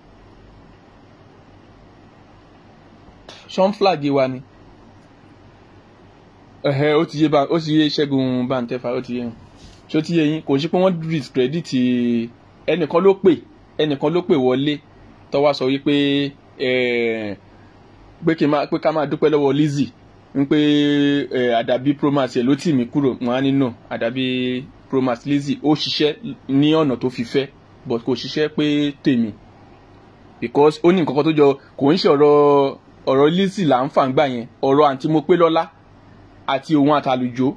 sean flag wa ni ẹ̀hẹ́ ó ti yé ó ti yé ṣẹ́gun bá ń tẹ́fà ó ti yé ṣó ti yé yín kò sí pé wọ́n discredit eh, ẹnìkan ló pè ẹnìkan ló pè wọlé tó wá sọ wípé pé kí n máa pé ká máa dúpẹ́ lọ́wọ́ Lizzy ń pé àdàbí promax ẹ̀ ló tì mí kúrò wọn á nínú àdàbí promax Lizzy ó ṣiṣẹ́ ní ọ̀nà tó fi fẹ́ but kò ṣiṣẹ́ pé tèmi because ó ní nǹkan kan tó jọ kò ń ṣe ọ̀rọ̀ ọ̀rọ̀ Lizzy là ń fà ń gbà yẹn ọ̀rọ̀ àǹtí mo pé lọ́lá àti òun àtàlùjọ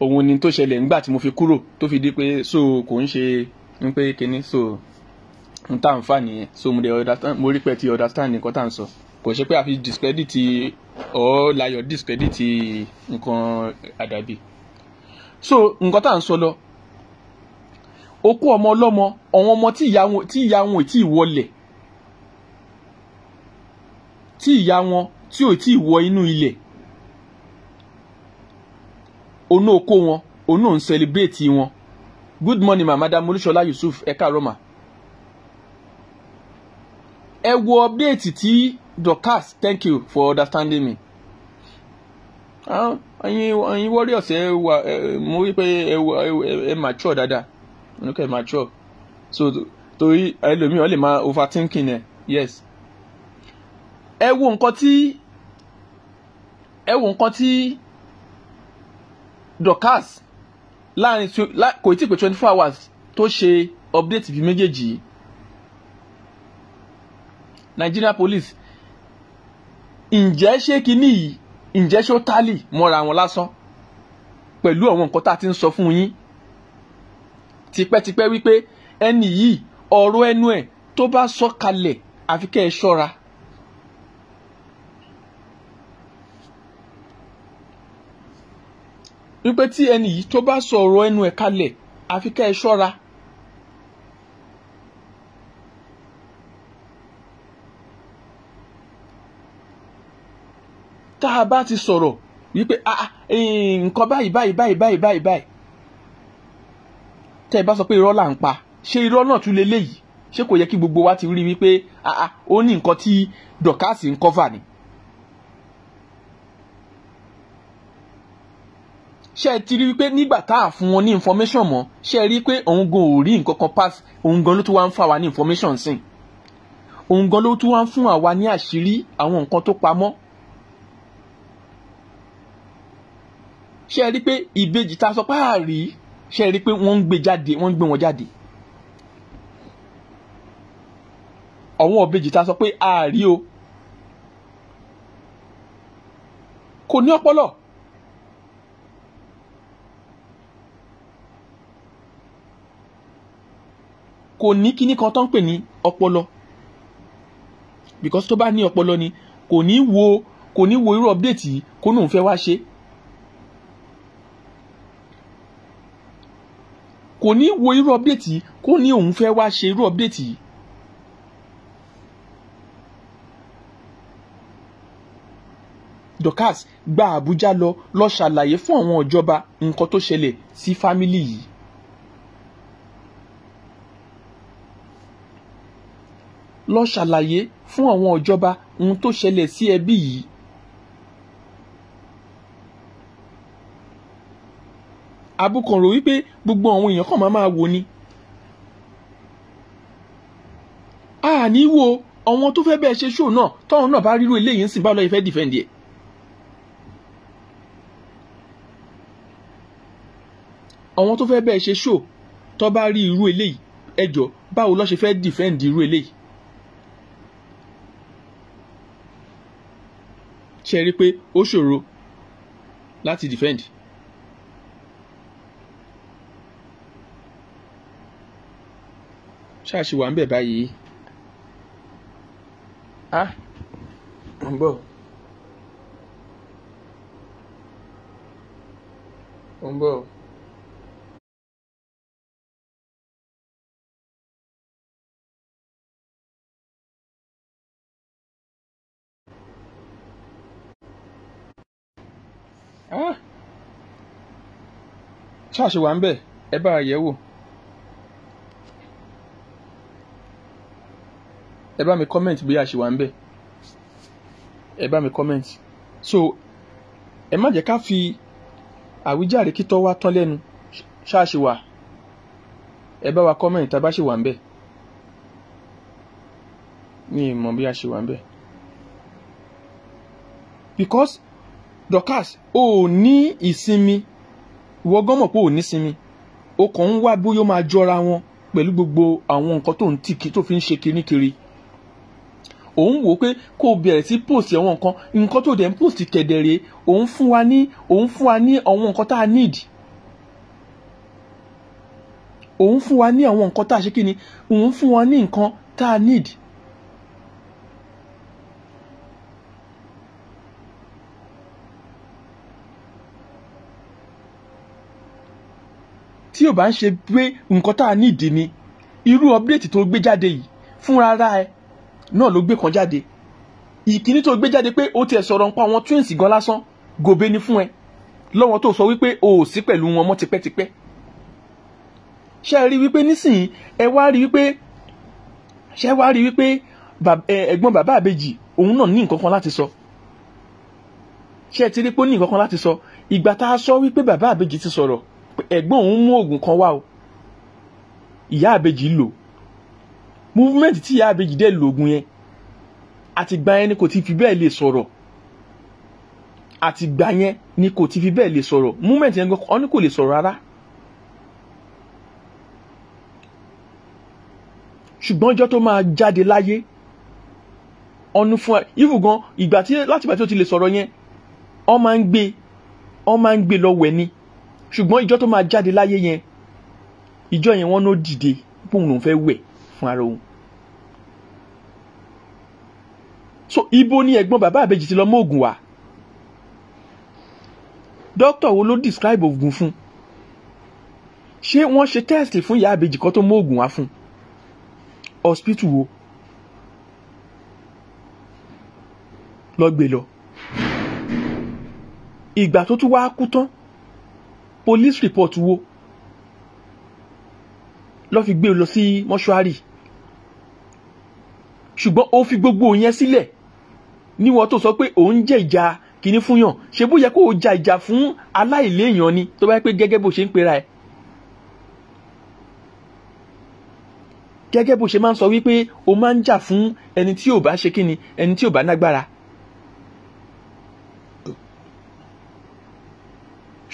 òun ni tó ṣẹlẹ̀ nígbà tí mo fi kúrò tó fi di pé so kò ń ṣe ń pé kinní so n tá n fà nìyẹn so mo dey understand mo rí pé ti understand nǹkan tá n sọ kò ṣe pé a fi discredit or layo discredit nǹkan àdàbí so nǹkan tá n sọ lọ okú ọmọ ọlọ́mọ àwọn ọmọ tí ìyá wọn tí ìyá wọn ò tí ì wọlẹ̀ tí ìyá wọn tí ò tí ì wọ inú ilẹ̀ onú okó wọn onú ń celebrate wọn good morning ma madam olúṣọlá yusuf ẹ káàárọ̀ mà ẹ wo update tí Dorkas thank you for understanding me ah, ẹyin ẹyin warriors ẹ wà ẹ mo wí pé ẹ ẹ mature dáadáa ẹ mature so torí ẹlòmíràn lè máa overthinking ẹ yes ẹ wo nǹkan tí ẹ wo nǹkan tí Dorkas láàrin kò tí ì pé twenty four hours tó ṣe update bíi méjèèjì yìí Nigeria police ǹjẹ́ ṣé kinní yìí ǹjẹ́ ṣó tálì mọ́ra wọn lásán pẹ̀lú àwọn nǹkan tá a ti ń sọ fún yín tipẹ́tipẹ́ wípé ẹni yìí ọ̀rọ̀ ẹnu ẹ̀ tó bá sọ kalẹ̀ àfi kẹ́ ẹ ṣọ́ra. wípé tí ẹni yìí tó bá sọ ọ̀rọ̀ ẹnu ẹ̀ kalẹ̀ àfi kẹ́ ẹ ṣọ́ra. tá a bá ti sọ̀rọ̀ wípé ah, ah, eh, nǹkan báyìí báyìí báyìí báyìí báyìí báyìí tẹ́ ẹ bá sọ pé irọ́ là ń pa ṣé irọ́ náà tún lé léyìí ṣé kò yẹ kí gbogbo wa ti rí wípé ah, ó ní nǹkan tí dọ̀kásì ń kọ́fà ni. ṣe ẹ ti rí wípé nígbà tá a fún wọn ní information mọ́ ṣe rí pé òun gan ò rí nǹkan kan pass òun gan ló tún wá ń fà wá ní information sìn òun gan ló tún wá ń fún àwa ní àṣírí àwọn nǹkan tó pamọ́ ṣe rí i pé ìbejì tá a sọ pé àárí ṣe rí i pé wọ́n ń gbé jáde wọ́n ń gbé wọn jáde àwọn ìbejì tá a sọ pé àárí o kò ní ọpọlọ. kò ní kíní kan tó ń pè ní ọpọlọ because tó bá ní ọpọlọ ni kò ní wo kò ní wo irú update yìí kó nóun fẹ́ wá ṣe é kò ní wo irú update yìí kó ní òun fẹ́ wá ṣe irú update yìí. Dorcas gba Àbújá lọ lọ ṣàlàyé fún àwọn ìjọba nǹkan tó ṣẹlẹ̀ sí fámílì yìí. lọ ṣàlàyé fún àwọn ìjọba ohun tó ṣẹlẹ̀ sí ẹbí yìí abúkànrò wípé gbogbo àwọn èèyàn kàn máa máa wò ni. a ní wo àwọn tó fẹ́ bẹ́ẹ̀ ṣe ṣó náà tọ́hún náà bá ríru eléyìí ń sìn báwo lọ́ọ́ ìfẹ́ dìfẹ́ǹdì ẹ̀. àwọn tó fẹ́ bẹ́ẹ̀ ṣe ṣó tọ́ bá rí irú eléyìí ẹjọ́ báwo lọ́ọ́ ṣe fẹ́ dìfẹ́ǹdì irú eléyìí. ṣe rí i pé ó ṣòro láti dìfẹ́ǹdì. ṣáàṣì wà ń bẹ̀ báyìí á ń bọ̀ ń bọ̀. ṣáàṣì wà ń bẹ̀ ẹ bá a yẹ̀ wò. ẹ bá mi comment bóyá a ṣì wà ń bẹ̀ ẹ bá mi comment so ẹ má jẹ́ ká fi àwíjàre kítọ́ wá tán lẹ́nu ṣáà wà ẹ bá wa comment tá a bá ṣì wà ń bẹ̀ ní ìmọ̀ bí ṣe wà ń bẹ̀ because Dorcas ò ní ìsinmi ìwọ gan mọ̀ pé ò ní sinmi o kàn ń wá bóyá ó máa jọra wọn pẹ̀lú gbogbo àwọn nǹkan tó ń tì kí tó fi ń ṣe kiri kiri òun wò pé kó o bẹ̀rẹ̀ sí post àwọn nǹkan nǹkan tó dẹ̀ ń post kẹ̀dẹ̀rẹ̀ òun fún wa ní òun fún wa ní àwọn nǹkan tá a need òun fún wa ní àwọn nǹkan tá a ṣe kí ni òun fún wa ní nǹkan tá a need. tí ò bá ń ṣe pé nǹkan tá a nídìí ni irú update tó gbé jáde yìí fúnra ara ẹ náà ló gbé kan jáde ìkíní tó gbé jáde pé ó tiẹ̀ sọ̀rọ̀ nípa àwọn twins gan lásán gòbé ni fún ẹ lọ́wọ́ tó sọ wípé o ò sí pẹ̀lú wọn mọ́ tipẹ́tipẹ́ ṣe rí wípé nísìnyí ẹ wá rí wípé ṣe wá rí wípé ẹ̀gbọ́n bàbá àbèjì òun náà ní nǹkan kan láti sọ ṣe ti rí pé ó ní nǹkan kan láti sọ ìgbà tá a sọ wípé bàbá àbèjì ti sọ̀rọ̀ ẹ̀gbọ́n òun mú oògùn kan wá o ìyá àbèjì lò movement tí ìyá àbèjì dẹ̀ lògùn yẹn àtìgbà yẹn ni kò ti fi bẹ́ẹ̀ lè sọ̀rọ̀ àtìgbà yẹn ni kò ti fi bẹ́ẹ̀ lè sọ̀rọ̀ movement yẹn gan-an ni kò lè sọ̀rọ̀ rárá. ṣùgbọ́n ọjọ́ tó máa jáde láyé ọ̀nù fún ẹ ìfù gan ìgbà tí láti ìgbà tí ó ti lè sọ̀rọ̀ yẹn ọ máa ń gbé ọ máa ń gbé lọ́wọ́ ẹ ní ṣùgbọ́n ìjọ tó máa jáde láyé yẹn ìjọ yẹn wọ́n ló dìde pé òun lòún fẹ́ wẹ̀ fún ara òun so ibo ni ẹ̀gbọ́n bàbá àbèjì ti lọ mọ oògùn wá dókítà wo ló describe oògùn fún ṣé wọ́n ṣe test fún ìyá àbèjì kan tó mọ oògùn wá fún hospital wo lọ gbé lọ ìgbà tó tún wáá kú tán police report wo lọ fi gbé lọ sí mọ́ṣúárì ṣùgbọ́n ó fi gbogbo yẹn sílẹ̀ níwọ̀n tó sọ pé òun jẹ́ ìjà kìíní fún yàn ṣe bó yẹ kó o ja ìjà fún aláìléèyàn ni tó bá yẹ pé gẹ́gẹ́ bó ṣe ń pera ẹ̀. gẹ́gẹ́ bó ṣe máa ń sọ wípé o máa ń jà fún ẹni tí ò bá ṣe kíni ẹni tí ò bá nágbára.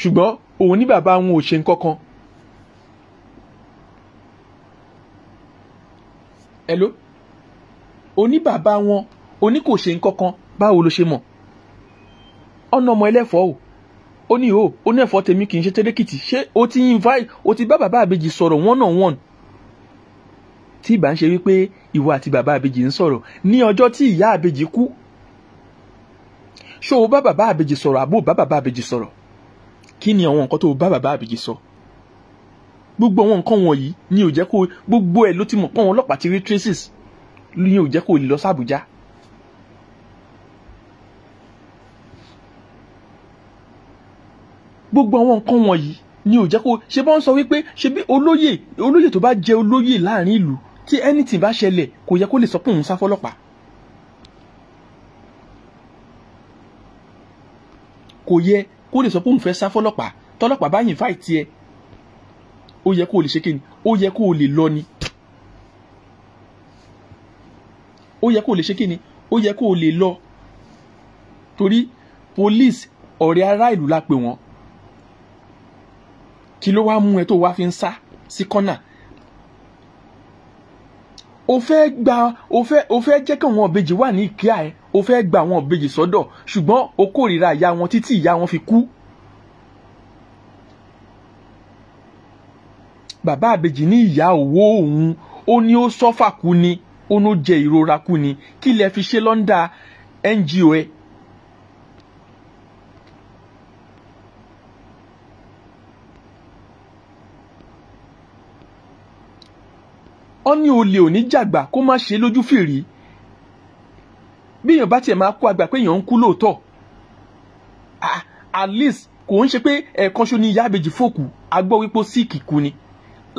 ṣùgbọ́n òun ní bàbá wọn ò ṣe nǹkan kan. hello oní bàbá wọn o ní kò ṣe nǹkan kan báwo ló ṣe mọ̀ ọ̀nà ọmọ ẹlẹ́fọ̀ọ́ o ó ní o ó ní ẹ̀fọ́ tèmi kì í ṣe tẹ́lẹ̀kìtì ṣé o ti invite o ti bá bàbá àbejì sọ̀rọ̀ one on one tí ìbá ń ṣe wípé ìwọ àti bàbá àbejì ń sọ̀rọ̀ ní ọjọ́ tí ìyá àbejì kú ṣó o bá bàbá àbejì sọ̀rọ̀ àbó bá bàbá àbejì sọ̀rọ̀ kí ni àwọn nǹkan tó bá bàbá àbejì sọ gbogbo àwọn nǹkan wọ̀nyí ni ò jẹ́ kó gbogbo ẹ̀ ló ti mọ̀ pọ́n ọlọ́pàá ti rí traces ni ò jẹ́ kó lè lọ sí Àbújá gbogbo àwọn nǹkan wọ̀nyí ni ò jẹ́ kó ṣe bá ń sọ wípé ṣe bí olóyè olóyè tó bá jẹ olóyè láàrin ìlú tí anything bá ṣẹlẹ̀ kò yẹ kó lè sọ pé òun sá fọlọ́pàá kò yẹ kó lè sọ pé òun fẹ́ sá fọlọ́pàá tọlọ́pàá bá yìn fáì tiẹ̀ ó yẹ kó o lè ṣe kí ó yẹ kó o lè lọ ni ó yẹ kó o lè ṣe kí ni ó yẹ kó o lè lọ torí police ọ̀rẹ́ ará ìlú la pè wọ́n kí ló wá mú ẹ tó wá fi ń sá sí kọ́nà o fẹ́ gba o fẹ́ o fẹ́ jẹ́ kí àwọn ọ̀bejì wà ní ìkíá ẹ o fẹ́ gba àwọn ọ̀bejì sọ́dọ̀ ṣùgbọ́n o kórìíra ìyá wọn títí ìyá wọn fi kú. bàbá àbejì ní ìyá òwò òun ó ní ó sọ́fà kú ni ó ní ó jẹ ìrora kú ni kí lẹ fi ṣe lọ́ńdà NGO ẹ. ó ní olè òní jàgbà kó má ṣe lójú fìrí bí èèyàn bá tiẹ̀ máa kó àgbà pé èèyàn ń kú lóòótọ́ at least kò ń ṣe pé ẹ̀ẹ̀kan ṣo ni ìyá àbèjì fòkù agbọ́ wípé síìkì kú ni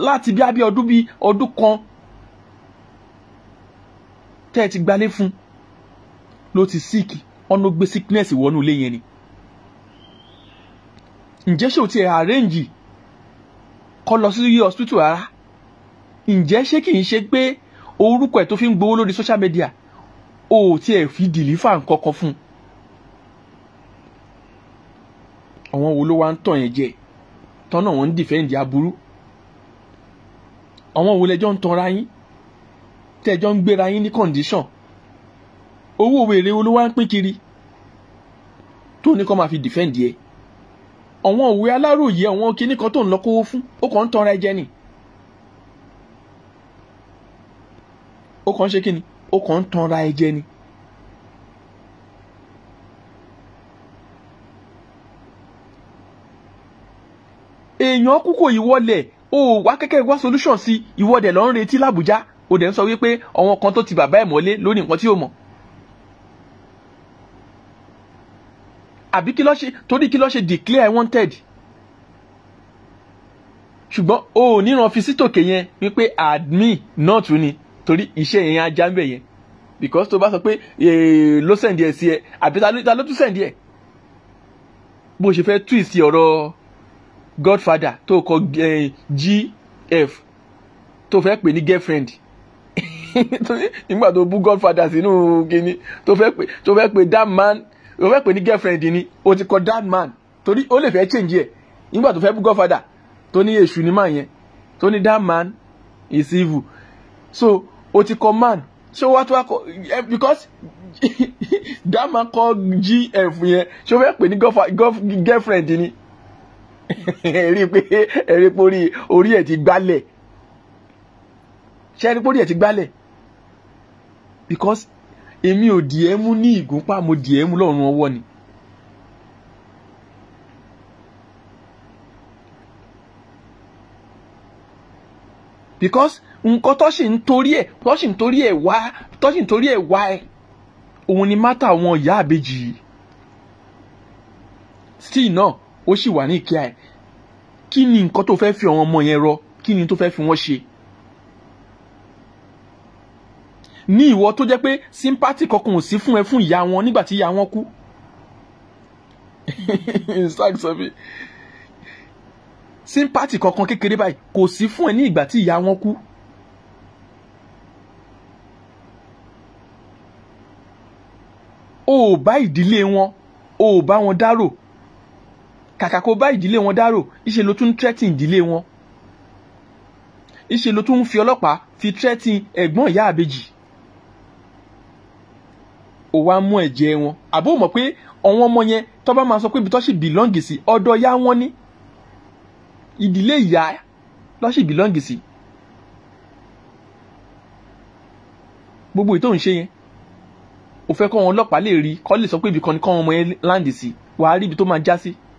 láti bí abẹ́ ọdún bíi ọdún kan tẹ́ ẹ ti gbalé fún ló ti síìkì ọ̀nà gbé sickness wọnú ilé yẹn ni ǹjẹ́ ṣé o ti arrange kọ́ lọ sí hospital rárá ǹjẹ́ ṣé kì í ṣe pé orúkọ ẹ̀ tó fi ń gbowó lórí social media ò tiẹ̀ fi dìlífà nkankan fún un. àwọn wo ló wá ń tàn yẹn jẹ tọ́nà wọn ń dìfẹ́ǹdì aburú àwọn wo lẹjọ́ ń tanra yín tẹjọ́ ń gbéra yín ní kọ̀ǹdíṣàn owó wèrè wo ló wá ń pín kiri tó ní kó máa fi dìfẹ́ǹdì ẹ àwọn òwe aláròye àwọn kinní kan tó ń lọ kówó fún ó kàn ń tanra ẹ jẹ nìyí. ó kàn ń ṣe kí ni ó kàn ń tanra ẹ jẹ ni. èèyàn kúkò ìwọlẹ̀ o wá kẹ́kẹ́ wá solution sí ìwọ́dẹ̀ lọ́n retí làbújá o dẹ̀ ń sọ wípé àwọn kan tó ti bàbá ẹ̀ mọ́lé lórí nǹkan tí o mọ̀. àbí kí ló ṣe torí kí ló ṣe declare wanted ṣùgbọ́n o ò níran fi sítòkè yẹn wípé admin náà tún ni torí iṣẹ́ yẹn á já ń bẹ̀ yẹn because tó bá sọ pé ló sẹ̀ǹdì ẹ̀ sí ẹ àbí ta ló tún sẹ̀ǹdì ẹ̀ bó ṣe fẹ́ twist ọ̀rọ̀ godfather tó kọ gf tó fẹ́ pè ní girlfriend nígbà tó bú godfather sínú gini tó fẹ́ pè tó fẹ́ pè that man tó fẹ́ pè ní girlfriend ni o ti kọ that man torí ó lè fẹ́ change ẹ̀ nígbà tó fẹ́ bú godfather tó ní èṣù ní màá yẹn tó ní that man is evil so o ti kọ eh, man ṣé wàá tó wá kọ because dama kọ gf yẹn so o fẹ́ ni girlfriend ni ẹ̀rí pé ẹ̀rí pé orí ẹ̀ ti gbálẹ̀ ṣé ẹ̀rí pé orí ti gbálẹ̀ because èmi ò dìé mú ní ìgúnpá mo dìé mú lọ́rùn ọwọ́ ni because nǹkan tó sì ń torí ẹ̀ tó sì ń torí ẹ̀ wá tó sì ń torí ẹ̀ wá ẹ̀ òun ni mátà àwọn ìyá àbejì yìí still náà ó sì wà ní ìkíá ẹ̀ kí ni nǹkan tó fẹ́ fi àwọn ọmọ yẹn rọ kí ni tó fẹ́ fi wọ́n ṣe ní ìwọ tó jẹ́ pé sympathy kankan ò sí fún ẹ fún ìyá wọn nígbà tí ìyá wọn kú. sympathy kankan kékeré báyìí kò sí fún ẹ ní ìgbà tí ìyá wọn kú. o ò bá ìdílé wọn o ò bá wọn dárò kàkà kó bá ìdílé wọn dárò ìṣe ló tún ń threatening ìdílé wọn ìṣe ló tún ń fi ọlọ́pàá fi threatening ẹ̀gbọ́n ìyá àbejì ò wá mú ẹ̀jẹ̀ wọn àbó mọ̀ pé àwọn ọmọ yẹn tó bá máa sọ pé ibi tó ṣì bìlọ́ǹgì sí ọ̀dọ̀ ya wọn ni ìdílé ìyá lọ́sì bìlọ́ǹgì sí gbogbo ìtò ń ṣe yẹn ò fẹ́ kọ́ wọn ọlọ́pàá lè rí kọ́ lè sọ pé ibìkan ni kọ́ wọn ọmọ yẹn láǹdì sí wàá rí ibi tó máa já sí. Si